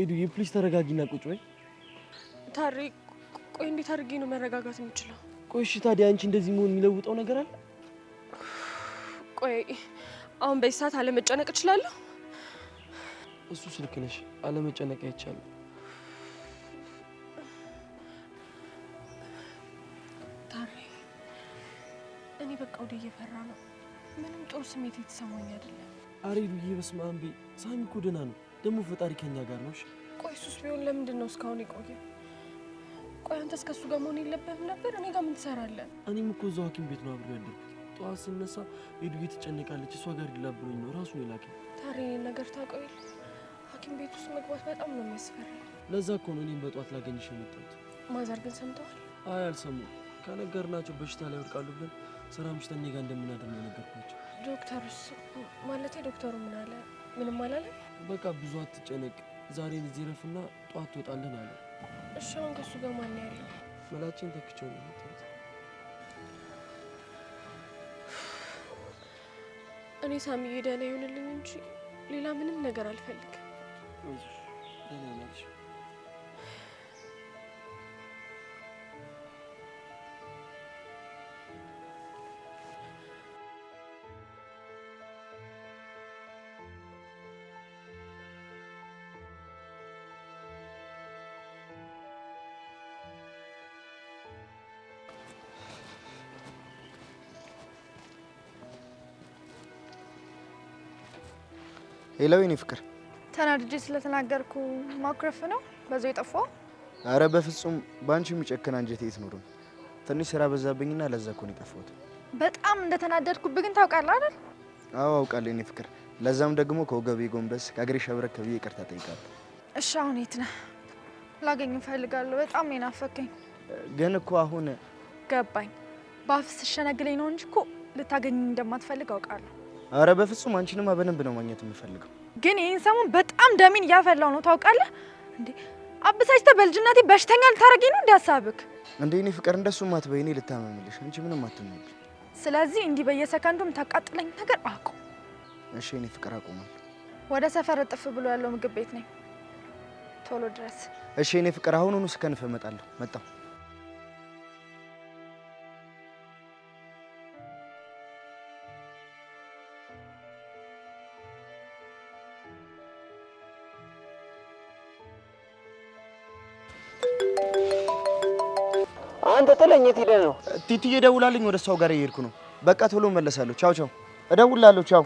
ኤዱዬ ፕሊዝ ተረጋጊና ቁጭ በይ። ታሪ ቆይ፣ እንዴት አድርጌ ነው መረጋጋት የምችለው? ቆይ እሺ፣ ታዲያ አንቺ እንደዚህ መሆን የሚለውጠው ነገር አለ? ቆይ አሁን በዚህ ሰዓት አለመጨነቅ እችላለሁ? እሱ ስልክ ነሽ፣ አለመጨነቅ አይቻልም። እኔ በቃ ወደ እየፈራ ነው። ምንም ጥሩ ስሜት የተሰማኝ አይደለም። አሬ ዱዬ፣ በስመ ሳሚ እኮ ደህና ነው ደግሞ ፈጣሪ ከኛ ጋር ነው። ቆይ እሱስ ቢሆን ለምንድን ነው እስካሁን የቆየ? ቆይ አንተስ ከእሱ ጋር መሆን የለብህም ነበር። እኔ ጋር ምን ትሰራለህ? እኔም እኮ እዛው ሐኪም ቤት ነው አብሮ ያደርኩት። ጠዋት ስነሳ ኤዱጌ ትጨነቃለች፣ እሷ ጋር ሊላብሎኝ ነው ራሱ የላከ ታሪ ነገር ታቆይል። ሐኪም ቤት ውስጥ መግባት በጣም ነው የሚያስፈራ። ለዛ እኮ ነው እኔም በጠዋት ላገኝሽ የመጣሁት። ማዘር ግን ሰምተዋል? አይ አልሰሙም። ከነገርናቸው በሽታ ላይ ወድቃሉ ብለን ስራ ምሽተኛ ጋር እንደምናደርግ ነው ነገርኳቸው። ዶክተሩስ ማለት ዶክተሩ ምን አለ? ምንም አላለም። በቃ ብዙ አትጨነቅ። ዛሬ እዚህ ረፍና ጠዋት ትወጣለን አለ። እሺ አሁን ከእሱ ጋር ማን ያለ መላችን ተክቸው ነው የምትወጣው። እኔ ሳሚ ደህና ይሁንልኝ እንጂ ሌላ ምንም ነገር አልፈልግም። ሄለው የኔ ፍቅር፣ ተናድጄ ስለተናገርኩ ማኩረፍ ነው በዛው የጠፋው? አረ በፍጹም በአንቺ የሚጨክን አንጀት የት ኖርም። ትንሽ ስራ በዛብኝና ለዛ እኮ ነው የጠፋሁት። በጣም እንደተናደድኩብህ ግን ታውቃለህ አይደል? አዎ አውቃለሁ የኔ ፍቅር። ለዛም ደግሞ ከወገቤ ጎንበስ ከእግሬ ሸብረክ ብዬ ይቅርታ ጠይቃለሁ። እሺ አሁን የት ነህ? ላገኝ እፈልጋለሁ። በጣም ነው የናፈከኝ። ግን እኮ አሁን ገባኝ። በአፍ ስሸነግለኝ ነው እንጂ እኮ ልታገኝ እንደማትፈልግ አውቃለሁ። አረ በፍጹም አንቺንማ በደንብ ነው ማግኘት የምፈልገው። ግን ይህን ሰሞን በጣም ደሜን እያፈላው ነው ታውቃለህ እንዴ? አበሳጭተህ በልጅነቴ በሽተኛ ልታረጊ ነው እንዲ ሀሳብክ እንዴ? እኔ ፍቅር እንደሱ ማት በይኔ ልታመምልሽ አንቺ ምንም አትነኝ። ስለዚህ እንዲህ በየሰከንዱም ታቃጥለኝ ነገር አቁ። እሺ? እኔ ፍቅር አቁማል። ወደ ሰፈር እጥፍ ብሎ ያለው ምግብ ቤት ነኝ። ቶሎ ድረስ እሺ? እኔ ፍቅር አሁኑኑ ስከንፍ እመጣለሁ። መጣሁ አንተ ጥለኝት ሄደ ነው። ቲቲዬ ደውላልኝ፣ ወደ እሷው ጋር እየሄድኩ ነው። በቃ ቶሎ መለሳለሁ። ቻው ቻው። እደውላለሁ። ቻው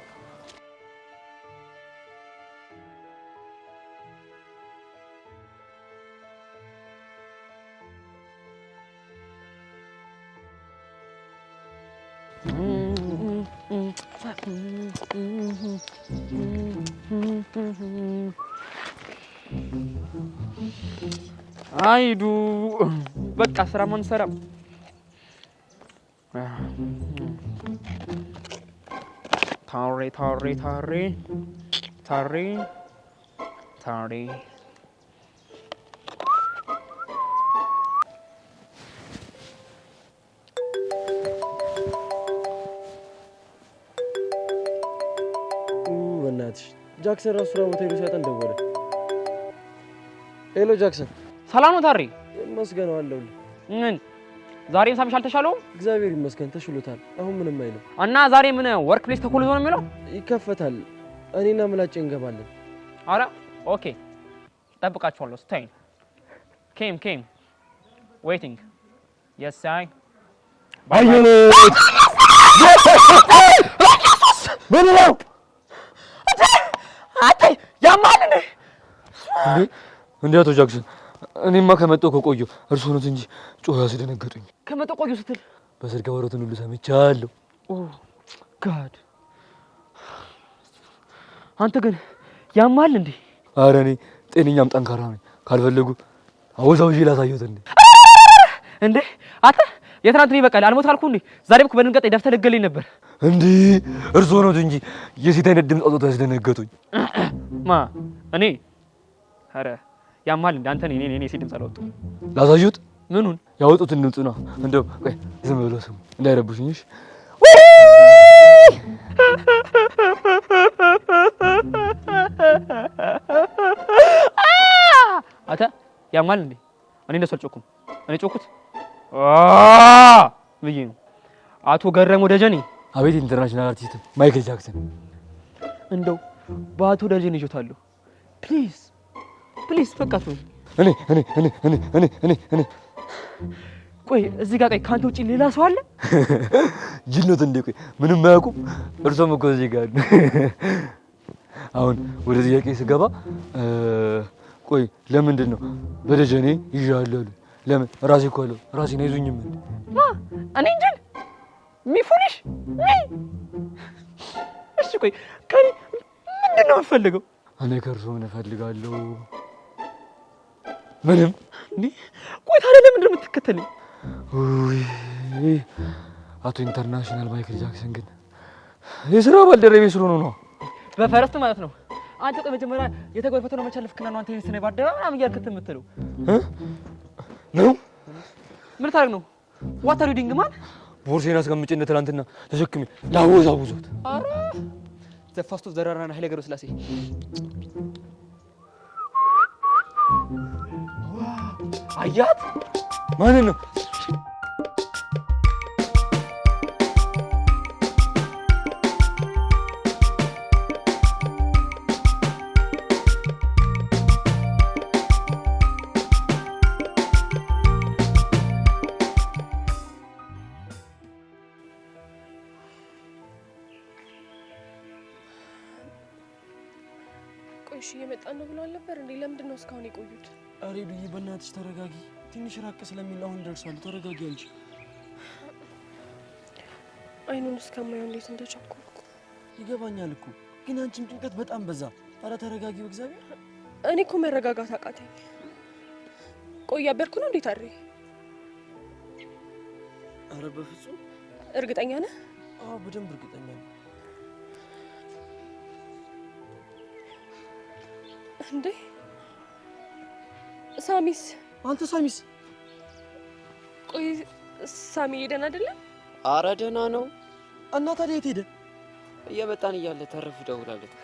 አይዱ በቃ ስራ አንሰራም ታሬ ታሬ ታሬ ታሬ ታሬ በእናትሽ ጃክሰን ራሱ ስራ ቦታ ሄዶ ሲያጠን ደወለ። ሄሎ ጃክሰን፣ ሰላም ነው ታሬ ይመስገን አለሁልህ። ምን ዛሬም ሳምሽ አልተሻለውም? እግዚአብሔር ይመስገን ተሽሎታል። አሁን ምንም አይልም። እና ዛሬ ምን ወርክ ፕሌስ ተኮልዞ ነው የሚለው? ይከፈታል። እኔና ምላጭ እንገባለን። አረ ኦኬ፣ ጠብቃችኋለሁ። ስታይ ኬም ኬም ዌቲንግ የስ አይ አየሩት ምን ነው አታይ ያማልን እንዴ? አቶ ጃክሰን እኔማ ከመጣሁ ከቆየሁ እርሶ ነት እንጂ ጮኸ ያስደነገጡኝ። ከመጣሁ ቆየሁ ስትል በስልክ ያወራሁትን ሁሉ ሰምቻለሁ። ኦ ጋድ አንተ ግን ያማል እንዴ? አረ እኔ ጤነኛም ጠንካራ ነኝ። ካልፈለጉ አወዛውዤ ላሳየሁት እንዴ እንዴ አተ የትናንትን ይበቃል። አልሞት አልኩ እንዴ? ዛሬም እኮ በድንገት ደፍተህ ልትገለኝ ነበር እንዴ? እርሶ ነት እንጂ የሴት አይነት ድምፅ አውጥቶ ያስደነገጡኝ። ማ እኔ አረ ያማል እንደ አንተን እኔ እኔ ሲል ድምፅ አላወጡም። ላሳዩት ምኑን ያወጡትን ድምፁ ነው። እንደው ቆይ ዝም ብሎ ስሙ እንዳይረብሽኝሽ። አተ ያማል እንዴ? እኔ እንደሱ አልጮኩም። እኔ ጮኩት ብዬ ነው። አቶ ገረመው ደጀኔ አቤት! ኢንተርናሽናል አርቲስት ማይክል ጃክሰን እንደው በአቶ ደጀኔ ይጆታለሁ ፕሊዝ ፕሊዝ በቃ ተወኝ። እኔ እኔ እኔ እኔ እኔ እኔ እኔ ቆይ እዚህ ጋር ቆይ፣ ከአንተ ውጪ ሌላ ሰው አለ? ጅል እንዴ? ቆይ ምንም አያውቁም። እርሶም እኮ እዚህ ጋር አሁን ወደ ጥያቄ ስገባ ቆይ ለምንድን ነው በደጀኔ ይዣለሁ ለምን ራሴ እኮ አለው ራሴ ነው ይዙኝም እኔ ጅል ሚፉንሽ እሺ ቆይ ከኔ ምንድን ነው የምፈልገው? እኔ ከእርሶ ምን እፈልጋለሁ ምንም እንዴ? ቆይ ታዲያ ለምንድን ነው የምትከተለኝ? አቶ ኢንተርናሽናል ማይክል ጃክሰን ግን የስራ ባልደረቤ ስለሆነ ነው። በፈረስት ማለት ነው። አንተ ቆይ መጀመሪያ የተጓዝ ፈተና መቻለፍክና ነው አንተ ይሄን ስነ ባደረ ምናምን እያልክ የምትለው ነው። ምን ታደርግ ነው? ዋት አር ማን? ቦርሴን አስቀምጬ እንደ ትናንትና ተሸክሜ ላወዛውዞት። ኧረ ዘፋስቶ ዘራራና ኃይለ ገብረ ስላሴ आयात म्हणून ተረጋጊ እንጂ። አይኑን እስከማየው እንዴት እንደቸኮልኩ ይገባኛል እኮ ግን አንቺም ጭንቀት በጣም በዛ። አረ ተረጋጊ እግዚአብሔር። እኔ እኮ መረጋጋት አቃተኝ። ቆያ እያበርኩ ነው እንዴት አድሬ? አረ በፍጹም። እርግጠኛ ነህ? አዎ በደንብ እርግጠኛ ነኝ። እንዴ ሳሚስ? አንተ ሳሚስ ቆይ ሳሚ ሄደን አይደለም? አረ ደህና ነው። እና ታዲያ የት ሄደ? እየመጣን እያለ ተረፍ ደውላለች።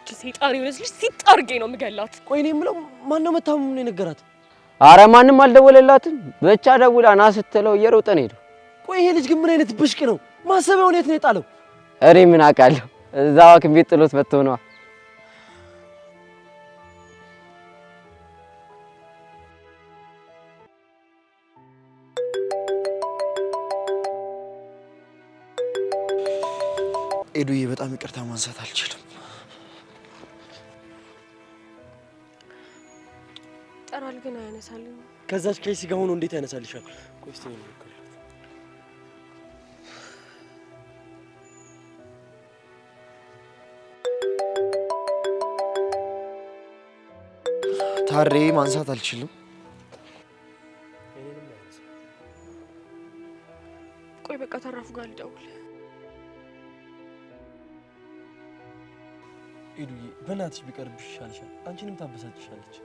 እቺ ሰይጣን የሆነች ልጅ ሲጣርጌ ነው የምገላት። ቆይ እኔ የምለው ማነው መታመሙ ነው የነገራት? አረ ማንም አልደወለላትም። ብቻ ደውላ ና ስትለው እየሮጠን ሄዱ። ቆይ ይሄ ልጅ ግን ምን አይነት ብሽቅ ነው? ማሰቢያውን የት ነው የጣለው? እኔ ምን አውቃለሁ። እዛው ሐኪም ቤት ጥሎት መጥቶ ነዋ። ይቅርታ ማንሳት አልችልም። ጠራል ግን አያነሳልኝ። ከዛች ኬሲ ሲጋ ሆኖ እንዴት ያነሳልሻል? ቆስቲ ነው ታሬ ማንሳት አልችልም። ቆይ በቃ ተራፉ ጋር ልደውል ኤዱዬ በእናትሽ ቢቀርብሽ ይሻልሻል። አንቺንም ታበሳጭሻለች።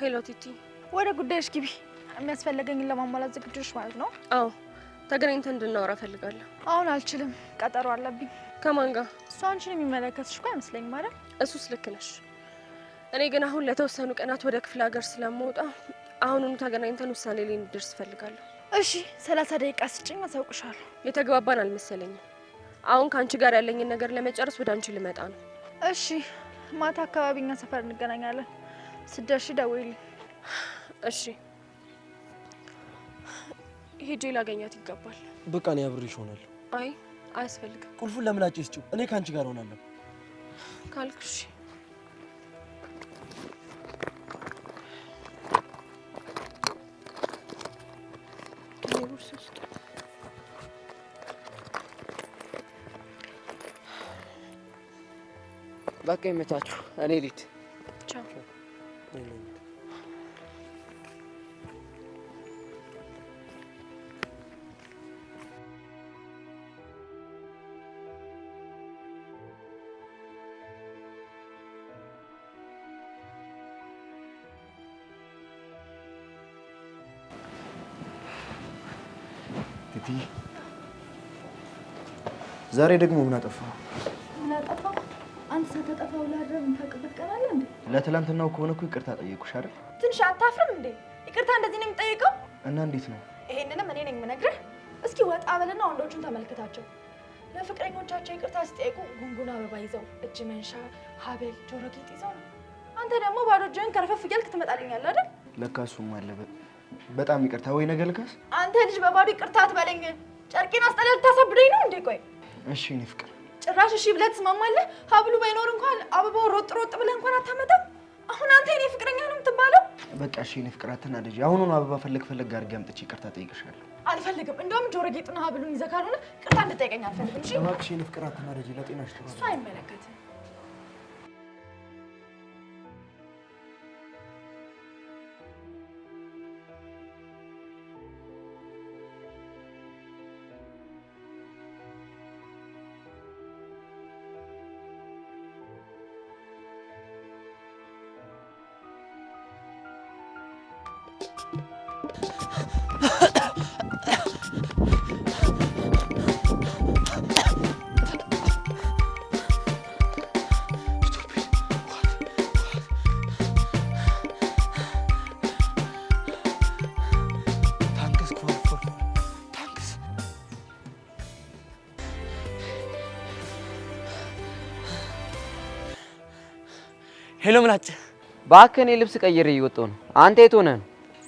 ሄሎ ቲቲ፣ ወደ ጉዳይሽ ግቢ። የሚያስፈልገኝን ለማሟላት ዝግጅሽ ማለት ነው? አዎ፣ ተገናኝተን እንድናወራ እፈልጋለሁ። አሁን አልችልም፣ ቀጠሮ አለብኝ። ከማን ጋር? እሱ አንቺን የሚመለከትሽ እኮ አይመስለኝም አይደል? እሱስ ልክ ነሽ። እኔ ግን አሁን ለተወሰኑ ቀናት ወደ ክፍለ ሀገር ስለምወጣ አሁኑኑ ተገናኝተን ውሳኔ ላይ እንደርስ እፈልጋለሁ። እሺ ሰላሳ ደቂቃ ስጭኝ፣ አሳውቅሻለሁ። የተግባባን አልመሰለኝም። አሁን ከአንቺ ጋር ያለኝን ነገር ለመጨረስ ወደ አንቺ ልመጣ ነው። እሺ ማታ አካባቢ እኛ ሰፈር እንገናኛለን። ስደርሺ ደውይልኝ። እሺ ሄጄ ላገኛት ይገባል። በቃ እኔ አብሬሽ እሆናለሁ። አይ አያስፈልግም። ቁልፉን ለምላጭ ስጪው፣ እኔ ከአንቺ ጋር እሆናለሁ ካልኩሽ በቃ ይመቻችሁ። እኔ ልሂድ። ዛሬ ደግሞ ምን አጠፋ? ስጠፋ ውላ አድረህ እንዴ? ለትላንትናው ከሆነ እኮ ይቅርታ ጠየቅኩሽ አይደል? ትንሽ አታፍርም እንዴ? ይቅርታ እንደዚህ ነው የሚጠይቀው? እና እንዴት ነው? ይሄንንም እኔ ነኝ የምነግርህ። እስኪ ወጣ በልና ወንዶቹን ተመልከታቸው። ለፍቅረኞቻቸው ይቅርታ ሲጠይቁ ጉንጉን አበባ ይዘው፣ እጅ መንሻ፣ ሀብል፣ ጆሮ ጌጥ ይዘው ነው። አንተ ደግሞ ባዶ እጅህን ከረፈፍ እያልክ ትመጣልኛለህ አይደል? ለካ እሱም አለበት። በጣም ይቅርታ ወይ ነገ ልካስ። አንተ ልጅ በባዶ ይቅርታ አትበለኝ። ጨርቄን አስጠላ ልታሳብደኝ ነው እንዴ? ቆይ እሺ እኔ ፍቅር ጭራሽ እሺ ብለህ ትስማማለህ? ሀብሉ ባይኖር እንኳን አበባው ሮጥ ሮጥ ብለህ እንኳን አታመጣም። አሁን አንተ የኔ ፍቅረኛ ነው የምትባለው? በቃ እሺ የኔ ፍቅር አትናደጂ። አሁኑኑ አበባ ፈለግ ፈለግ አድርጌ አምጥቼ ይቅርታ ጠይቅሻለሁ። አልፈልግም። እንደውም ጆሮ ጌጥና ሀብሉን ይዘህ ካልሆነ ቅርታ እንድጠይቀኝ አልፈልግም። እሺ እባክሽ የኔ ፍቅር አትናደጂ፣ ለጤናሽ ጥሩ ነው። እሱ አይመለከትም ይለምናጭ ባክህ፣ እኔ ልብስ ቀይሬ እየወጣሁ ነው። አንተ የት ሆነህ ነው?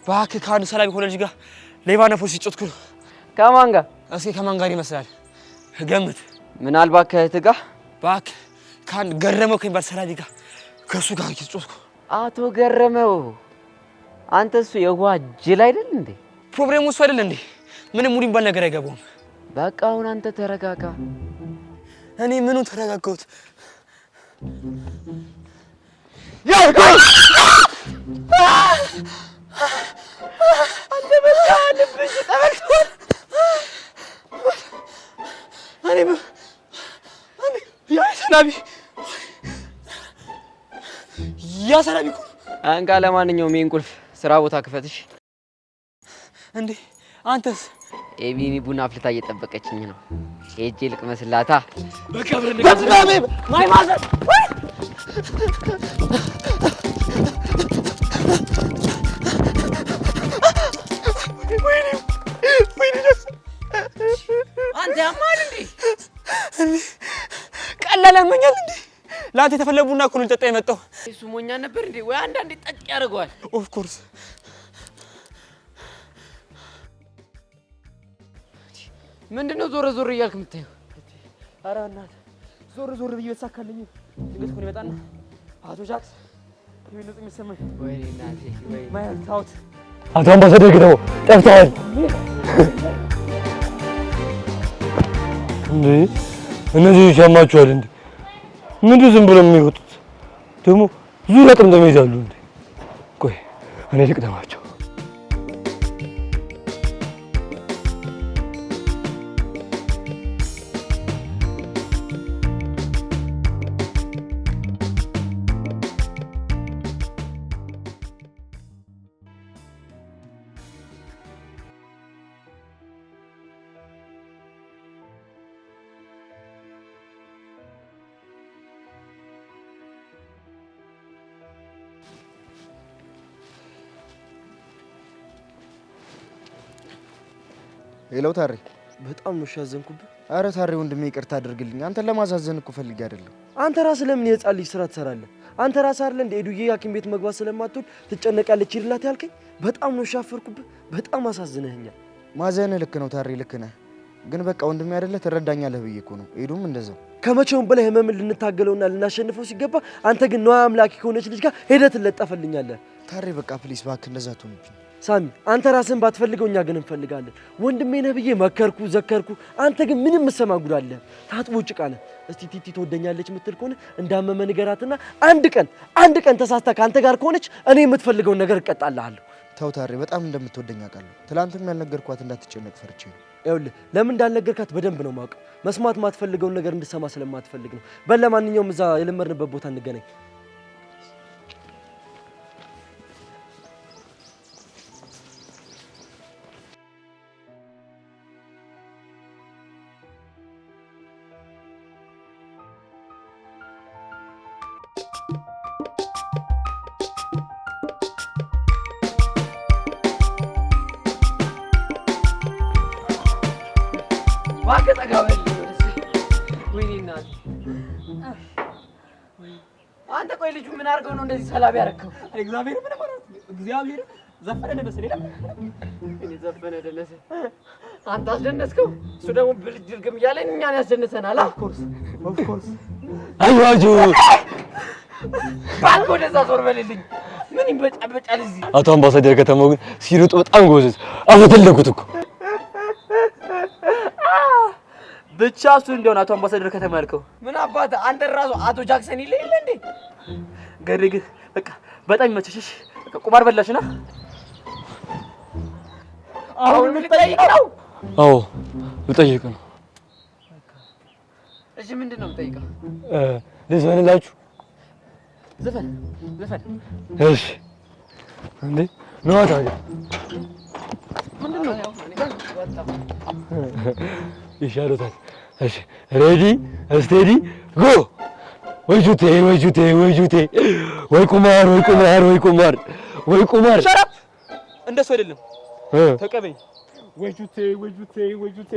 ባክህ ከአንድ ሰላቢ ኮሌጅ ጋር ሌባ ነፎስ ሲጮትኩ ነው። ከማን ጋር? እስኪ ከማን ጋር ይመስላል? ገምት። ምናልባት ከእህትህ ጋር? ባክህ ከአንድ ገረመው ከሚባል ሰላቢ ጋር ከእሱ ጋር እየተጮትኩ። አቶ ገረመው አንተ፣ እሱ የውሃ ጅል አይደል እንዴ? ፕሮብሌሙ እሱ አይደል እንዴ? ምንም ሙሉ የሚባል ነገር አይገባውም። በቃ አሁን አንተ ተረጋጋ። እኔ ምኑን ተረጋጋሁት? ያ ሰላቢ አንቃ። ለማንኛውም ቁልፍ ስራ ቦታ ክፈትሽ። እንዴ አንተስ? ኤቢኒ ቡና አፍልታ እየጠበቀችኝ ነው። ሄጄ ልቅመስላታ። ማይ ማዘር ቀላል ያመኛል እንዴ? ለአንተ የተፈለ ቡና እኮ ልጠጣ የመጣው እሱ ሞኛ ነበር እንዴ? ወይ አንዳንዴ ጠጭ ያደርገዋል። ኦፍ ኮርስ ምንድን ነው ዞር እያልክ የምታየው? ኧረ በእናትህ ዞር ዞር ብዬ የተሳካልኝ ድንገት ኩን ይመጣና አቶ ጃክስ የሚል ድምፅ የሚሰማኝ ማያታወት አቶ አምባሳደር ግደው ጠፍተሃል እንዴ? እነዚህ ይሻማችኋል እንዴ? ምንድን ዝም ብሎ የሚወጡት ደግሞ ዙሪያ ጥምጥም ይዛሉ እንዴ? ቆይ እኔ ልቅደማቸው። ሄሎ ታሬ፣ በጣም ነው ያዘንኩብህ። አረ ታሬ ወንድሜ ይቅርታ አድርግልኝ። አንተን ለማሳዘን እኮ ፈልጌ አይደለም። አንተ ራስህ ለምን የህፃን ልጅ ስራ ትሰራለህ? አንተ ራስህ አይደለ እንደ ኤዱዬ ሐኪም ቤት መግባት ስለማትወድ ትጨነቃለች ይልላት ያልከኝ። በጣም ነው ያፈርኩብህ። በጣም አሳዝነህኛል። ማዘንህ ልክ ነው ታሬ፣ ልክ ነህ። ግን በቃ ወንድሜ አይደለ ትረዳኛለህ ብዬ እኮ ነው። እንደዛው ከመቼውም በላይ ህመምን ልንታገለውና ልናሸንፈው ሲገባ አንተ ግን ነዋ አምላኪ ከሆነች ልጅ ጋር ሄደህ ትለጠፈልኛለህ። ታሬ በቃ ፕሊስ እባክህ እንደዛ ትሆንብኝ ሳሚ አንተ ራስን ባትፈልገው እኛ ግን እንፈልጋለን። ወንድሜ ነህ ብዬ መከርኩ ዘከርኩ፣ አንተ ግን ምንም የምትሰማ አለ። ታጥቦ ጭቃ ነህ። እስቲ ቲቲ ትወደኛለች የምትል ከሆነ እንዳመመ ንገራትና አንድ ቀን አንድ ቀን ተሳስታ ከአንተ ጋር ከሆነች እኔ የምትፈልገውን ነገር እቀጣልሃለሁ። ተውታሬ በጣም እንደምትወደኝ አውቃለሁ። ትላንትም ያልነገርኳት እንዳትጨነቅ ፈርቼ ነው። ይኸውልህ ለምን እንዳልነገርካት በደንብ ነው ማውቀው መስማት ማትፈልገውን ነገር እንድሰማ ስለማትፈልግ ነው። በለማንኛውም እዛ የለመድንበት ቦታ እንገናኝ። እንደዚህ ሰላም ያደረከው እግዚአብሔር ምን ማለት እግዚአብሔር ዘፈነ ደበሰ ሌላ እኔ ዘፈነ ደለሰ አንተ አስደነስከው፣ እሱ ደግሞ ብልጅ ድርግም እያለ እኛን ያስደነሰናል። ኦፍኮርስ ኦፍኮርስ። አይዋጁ ባልኮ ወደዛ ዞር በልልኝ። ምን ይበጫበጫል እዚህ። አቶ አምባሳደር ከተማው ግን ሲሮጡ በጣም ጎበዝ አፈተለኩት እኮ ብቻ እሱ እንደሆነ አቶ አምባሳደር ከተማ ያልከው ምን አባት አንተ ራሱ አቶ ጃክሰን ይለ የለ እንዴ ገሬግ በቃ በጣም መቸሽሽ ቁማር በላሽ ና አሁን ልጠይቅ ነው። አዎ ልጠይቅ ነው። እሺ ምንድን ነው የምጠይቀው? ልዘፍንላችሁ። ዘፈን ዘፈን። እሺ እንዴ ነው ታዲያ ይሻሉታል። እሺ ሬዲ ስቴዲ ጎ ወይ ጁቴ ወይ ጁቴ ወይ ጁቴ ወይ ቁማር ወይ ቁማር ወይ ቁማር ወይ ቁማር እንደሱ አይደለም ተቀበኝ ወይ ጁቴ ወይ ጁቴ ወይ ጁቴ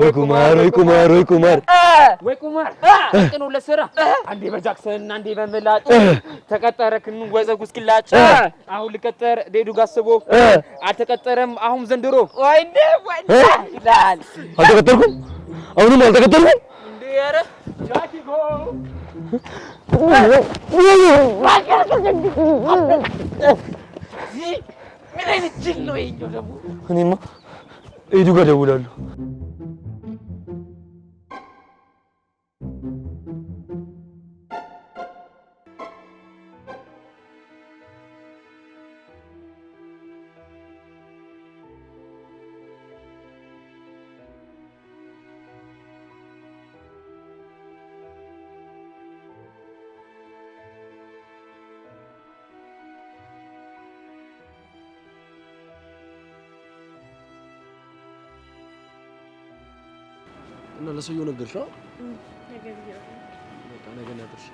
ወይ ቁማር ወይ ቁማር ወይ ቁማር ወይ ቁማር ቅኑ ለስራ አንዴ በጃክሰን አንዴ በምላጭ ተቀጠረክን ወዘጉ እስኪላጭ አሁን ልቀጠር ዴዱ ጋስቦ አልተቀጠረም አሁን ዘንድሮ ወይ እንደ ወይ ይላል አልተቀጠርኩም አሁንም አልተቀጠርኩም እንዴ ኧረ ጃኪ ጎ ምን አይነት ጅል ነው ይሄኛው ደግሞ። እኔማ ኤዱ ጋር ደውላለሁ። እና ለሰውየው ነገርሽው? በቃ ነገ ነገርሽ።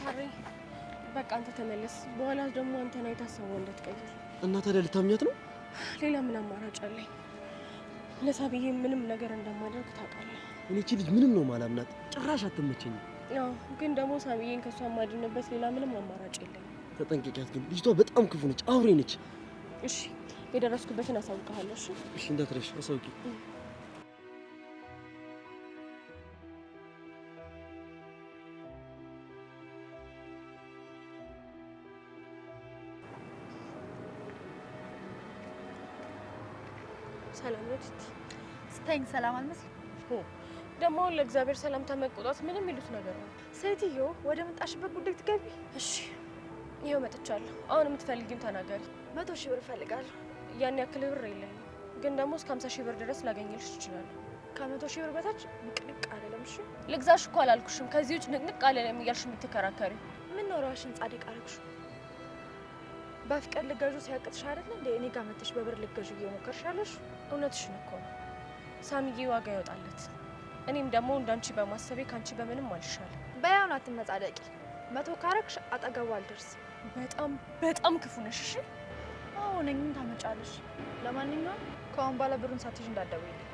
ታሪ በቃ አንተ ተመለስ። በኋላ ደግሞ አንተ ነው የታሰበው እንዳትቀይር። እና ታዲያ ልታምኛት ነው? ሌላ ምን አማራጭ አለኝ? ለሳብዬ ምንም ነገር እንደማደርግ ታውቃለህ። እኔ እቺ ልጅ ምንም ነው ማላምናት፣ ጭራሽ አትመቸኝም። ያው ግን ደግሞ ሳብዬን ከሷ ማድንበት ሌላ ምንም አማራጭ የለኝም። ተጠንቀቂያት ግን ልጅቷ በጣም ክፉ ነች፣ አውሬ ነች። እሺ፣ የደረስኩበትን አሳውቅሃለሁ። እሺ፣ እሺ፣ እንዳትረሽ አሳውቂ። ሰላም ነው ስታይኝ ሰላም አልመስልም። ደግሞ አሁን ለእግዚአብሔር ሰላምታ መቆጣት ምንም ይሉት ነገር ነው። ሴትዮ ወደ መጣሽበት ጉዳይ ትገቢ። እሺ ይኸው መጥቻለሁ። አሁን የምትፈልጊውን ተናገሪ። መቶ ሺህ ብር እፈልጋለሁ። ያን ያክል ብር የለኝም፣ ግን ደግሞ እስከ ሀምሳ ሺህ ብር ድረስ ላገኝልሽ እችላለሁ። ከመቶ ሺህ ብር በታች ንቅንቅ አለለም። እሺ ልግዛሽ እኮ አላልኩሽም። ከዚህ ውጭ ንቅንቅ አለለም እያልሽ የምትከራከሪ ምን ኖረዋሽን ጻድቅ አረግሹ በፍቅር ልገዡ ሲያቅትሽ አይደለ እንደ እኔ ጋር መጥተሽ በብር ልገዡ እየሞከርሻለሽ። እውነትሽን እኮ ነው ሳሚዬ፣ ዋጋ ይወጣለት። እኔም ደግሞ እንዳንቺ በማሰቤ ከአንቺ በምንም አልሻለሁ። በያውን አትመጻደቂ መቶ ካረክሽ አጠገቡ አልደርስም። በጣም በጣም ክፉ ነሽ። እሺ አዎ ነኝ። ምን ታመጫለሽ? ለማንኛውም ከአሁን በኋላ ብሩን ሳትይዥ እንዳትደውይልኝ።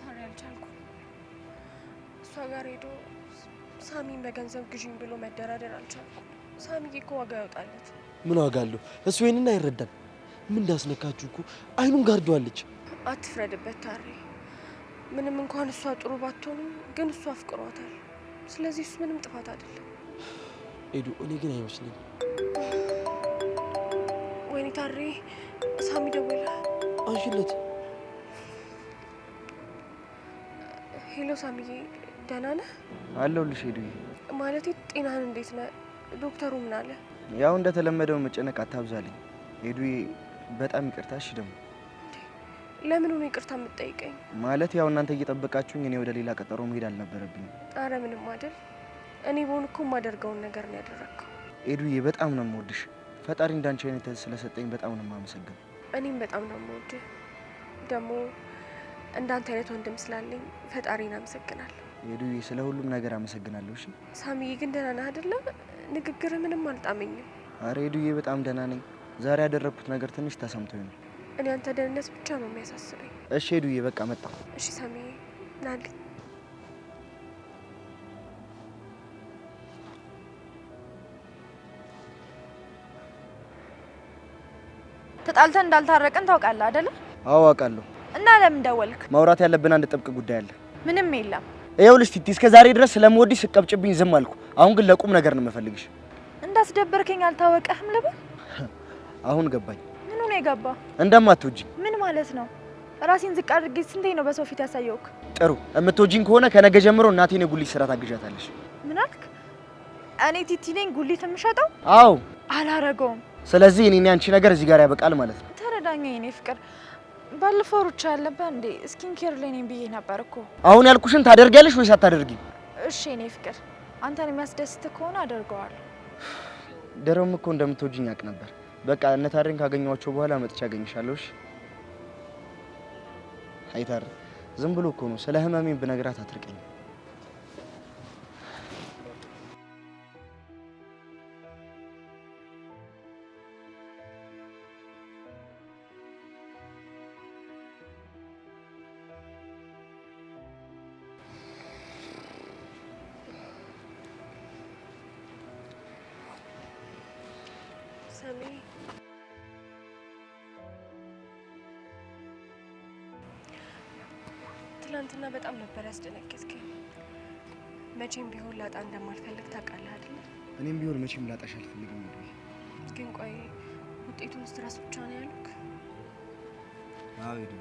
ታዲያ አልቻልኩም። እሷ ጋር ሄዶ ሳሚን በገንዘብ ግዥኝ ብሎ መደራደር አልቻልኩም። ሳሚዬ እኮ ዋጋ ያወጣለት። ምን ዋጋ አለው እሱ ይሄንን አይረዳም። ምን እንዳስነካችሁ እኮ አይኑን ጋርደዋለች። አትፍረድበት ታሬ። ምንም እንኳን እሷ ጥሩ ባትሆንም ግን እሱ አፍቅሯታል። ስለዚህ እሱ ምንም ጥፋት አይደለም። ኤዱ፣ እኔ ግን አይመስለኝም። ወይኔ ታሬ፣ ሳሚ ደውል አንሽለት። ሄሎ ሳሚዬ ደህና ነህ? አለሁልሽ ሄዱ። ማለቴ ጤናህን እንዴት ነህ? ዶክተሩ ምን አለ? ያው እንደተለመደው መጨነቅ አታብዛልኝ ሄዱ። በጣም ይቅርታ። እሺ ደግሞ ለምን ሆኖ ይቅርታ የምትጠይቀኝ? ማለት ያው እናንተ እየጠበቃችሁኝ እኔ ወደ ሌላ ቀጠሮ መሄድ አልነበረብኝ። አረ ምንም አይደል። እኔ በሆን እኮ የማደርገውን ነገር ነው ያደረግከው። ኤዱዬ በጣም ነው የምወድሽ። ፈጣሪ እንዳንቺ አይነት ስለሰጠኝ በጣም ነው የማመሰግነው። እኔም በጣም ነው የምወድህ። ደግሞ እንዳንተ አይነት ወንድም ስላለኝ ፈጣሪን አመሰግናለሁ። የዱዬ ስለ ሁሉም ነገር አመሰግናለሁ። እሺ ሳሚዬ፣ ግን ደህና ነህ አይደለም? ንግግር ምንም አልጣመኝም። አረ የዱዬ በጣም ደህና ነኝ። ዛሬ ያደረግኩት ነገር ትንሽ ተሰምቶኝ ነው። እኔ አንተ ደህንነት ብቻ ነው የሚያሳስበኝ። እሺ የዱዬ፣ በቃ መጣ። እሺ ሳሚዬ፣ ናልኝ ተጣልተን እንዳልታረቅን ታውቃለህ አይደለ? አዎ አውቃለሁ። እና ለምን ደወልክ? ማውራት ያለብን አንድ ጥብቅ ጉዳይ አለ። ምንም የለም ይኸውልሽ ቲቲ እስከ ዛሬ ድረስ ስለምወድሽ ስቀብጭብኝ ዝም አልኩ። አሁን ግን ለቁም ነገር ነው የምፈልግሽ። እንዳስደበርከኝ አልታወቀህም ልበል? አሁን ገባኝ። ምኑ ነው የገባ? እንደማትወጂኝ። ምን ማለት ነው? ራሴን ዝቅ አድርጌ ስንቴ ነው በሰው ፊት ያሳየውክ? ጥሩ የምትወጂኝ ከሆነ ከነገ ጀምሮ እናቴን የጉሊት ስራ ታግዣታለሽ። ምን አልክ? እኔ ቲቲ ነኝ ጉሊት የምሸጠው? አዎ። አላረገውም። ስለዚህ እኔ አንቺ ነገር እዚህ ጋር ያበቃል ማለት ነው። ተረዳኛ የኔ ፍቅር ባለፈው ሩቻ እንዴ ስኪን ኬር ላይ ነኝ ብዬ ነበር እኮ። አሁን ያልኩሽን ታደርጊያለሽ ወይስ አታደርጊ? እሺ እኔ ፍቅር አንተን የሚያስደስት ከሆነ አደርገዋለሁ። ድሮም እኮ እንደምትወጂኝ አውቅ ነበር። በቃ እነ ታሪን ካገኘኋቸው በኋላ መጥቼ አገኝሻለሁ። እሺ አይታር፣ ዝም ብሎ እኮ ነው ስለ ህመሜን ብነግራት አትርቀኝም። መቼም ላጣሽ አልፈልግም። ግን ቆይ ውጤቱን ስትራስ ብቻ ነው ያሉክ? አቤት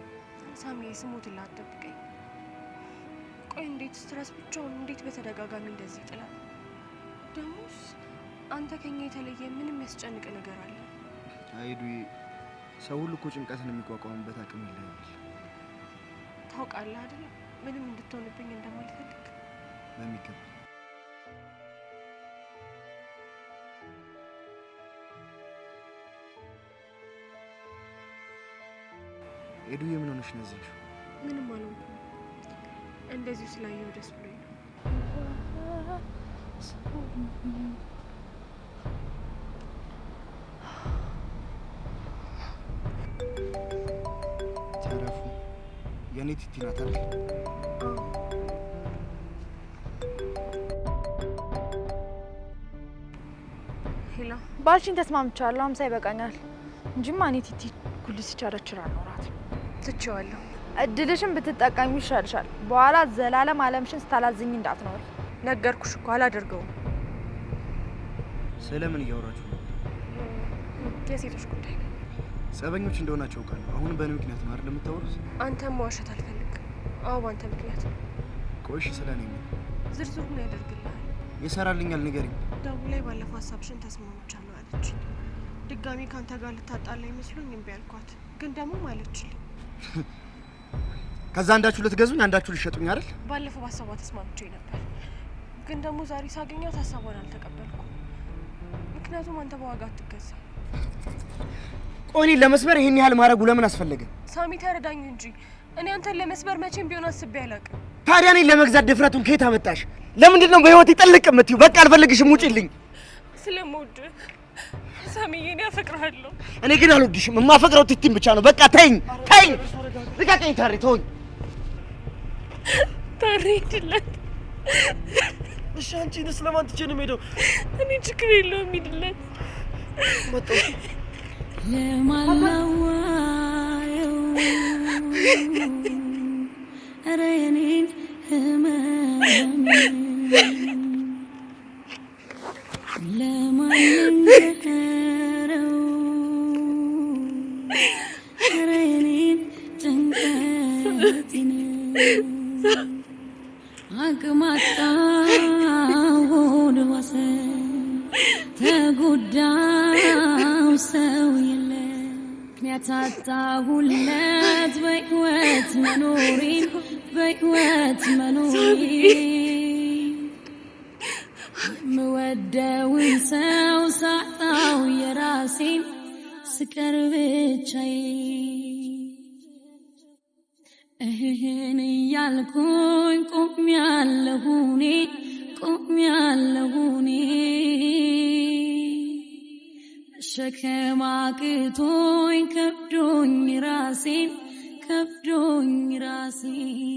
ሳሚ፣ ስሙትን ላትደብቀኝ። ቆይ እንዴት ስትረስ ብቻውን እንዴት በተደጋጋሚ እንደዚህ ይጥላል? ደግሞስ አንተ ከኛ የተለየ ምንም ያስጨንቅ ነገር አለ? አይዱ ሰው ሁሉ እኮ ጭንቀትን የሚቋቋምበት አቅም ይለያል። ታውቃለህ አይደል? ምንም እንድትሆንብኝ እንደማልፈልግ በሚገባ ኤዱዬ ምን ሆነሽ ነው እዚህ? ምንም አልሆንኩም። እንደዚሁ ስላየው ደስ ብሎኝ ነው። ተረፉ የኔ ቲቲ ናት አይደል? ባልሽን ተስማምቻለሁ። ሀምሳ ይበቃኛል እንጂማ እኔ ቲቲ ጉልስ ይቻላችራል ትቼዋለሁ። እድልሽን ብትጠቀሚ ይሻልሻል። በኋላ ዘላለም አለምሽን ስታላዝኝ እንዳትኖሪ። ነገርኩሽ እኮ አላደርገውም። ስለምን እያወራችሁ ነው? የሴቶች ጉዳይ ነው። ጸበኞች እንደሆናቸው ቃል አሁን በእኔ ምክንያት ነው አይደል የምታወሩት? አንተም መዋሸት አልፈልግም። አዎ በአንተ ምክንያት ነው። ቆይሽ ስለ እኔ ነው ዝርዝሩን ያደርግልሃል። ይሰራልኛል። ንገሪኝ። ደቡ ላይ ባለፈው ሀሳብሽን ተስማምቻለሁ አለች። ድጋሚ ከአንተ ጋር ልታጣላ ይመስሉኝ እምቢ አልኳት፣ ግን ደግሞ ማለችልኝ ከዛ አንዳችሁ ልትገዙኝ፣ አንዳችሁ ልሸጡኝ አይደል? ባለፈው በሀሳቧ ተስማምቼ ነበር፣ ግን ደግሞ ዛሬ ሳገኛት ሀሳቧን አልተቀበልኩም። ምክንያቱም አንተ በዋጋ አትገዛ። ቆኔ ለመስበር ይሄን ያህል ማድረጉ ለምን አስፈለገ? ሳሚ ተረዳኝ እንጂ እኔ አንተን ለመስበር መቼም ቢሆን አስቤ አላውቅም። ታዲያ እኔን ለመግዛት ድፍረቱን ከየት አመጣሽ? ለምንድን ነው በህይወት ይጠልቅ የምትዩ? በቃ አልፈልግሽም፣ ውጪልኝ። ስለምወድ ሳሚዬ፣ እኔ አፈቅርሃለሁ። እኔ ግን አልወድሽም። የማፈቅረው ቲቲን ብቻ ነው። በቃ ተይኝ፣ ተይኝ፣ ልቀቀኝ። ታሪ ተወኝ፣ ታሪ ሂድለት። እሺ አንቺ ነስ ለማን ትቼ ነው የምሄደው? እኔ ችግር የለውም ሂድለት። ለማላዋየው ኧረ የኔን ህመሜ ለማን መሸከም አቅቶኝ ከብዶኝ ራሴን ከብዶኝ ራሴን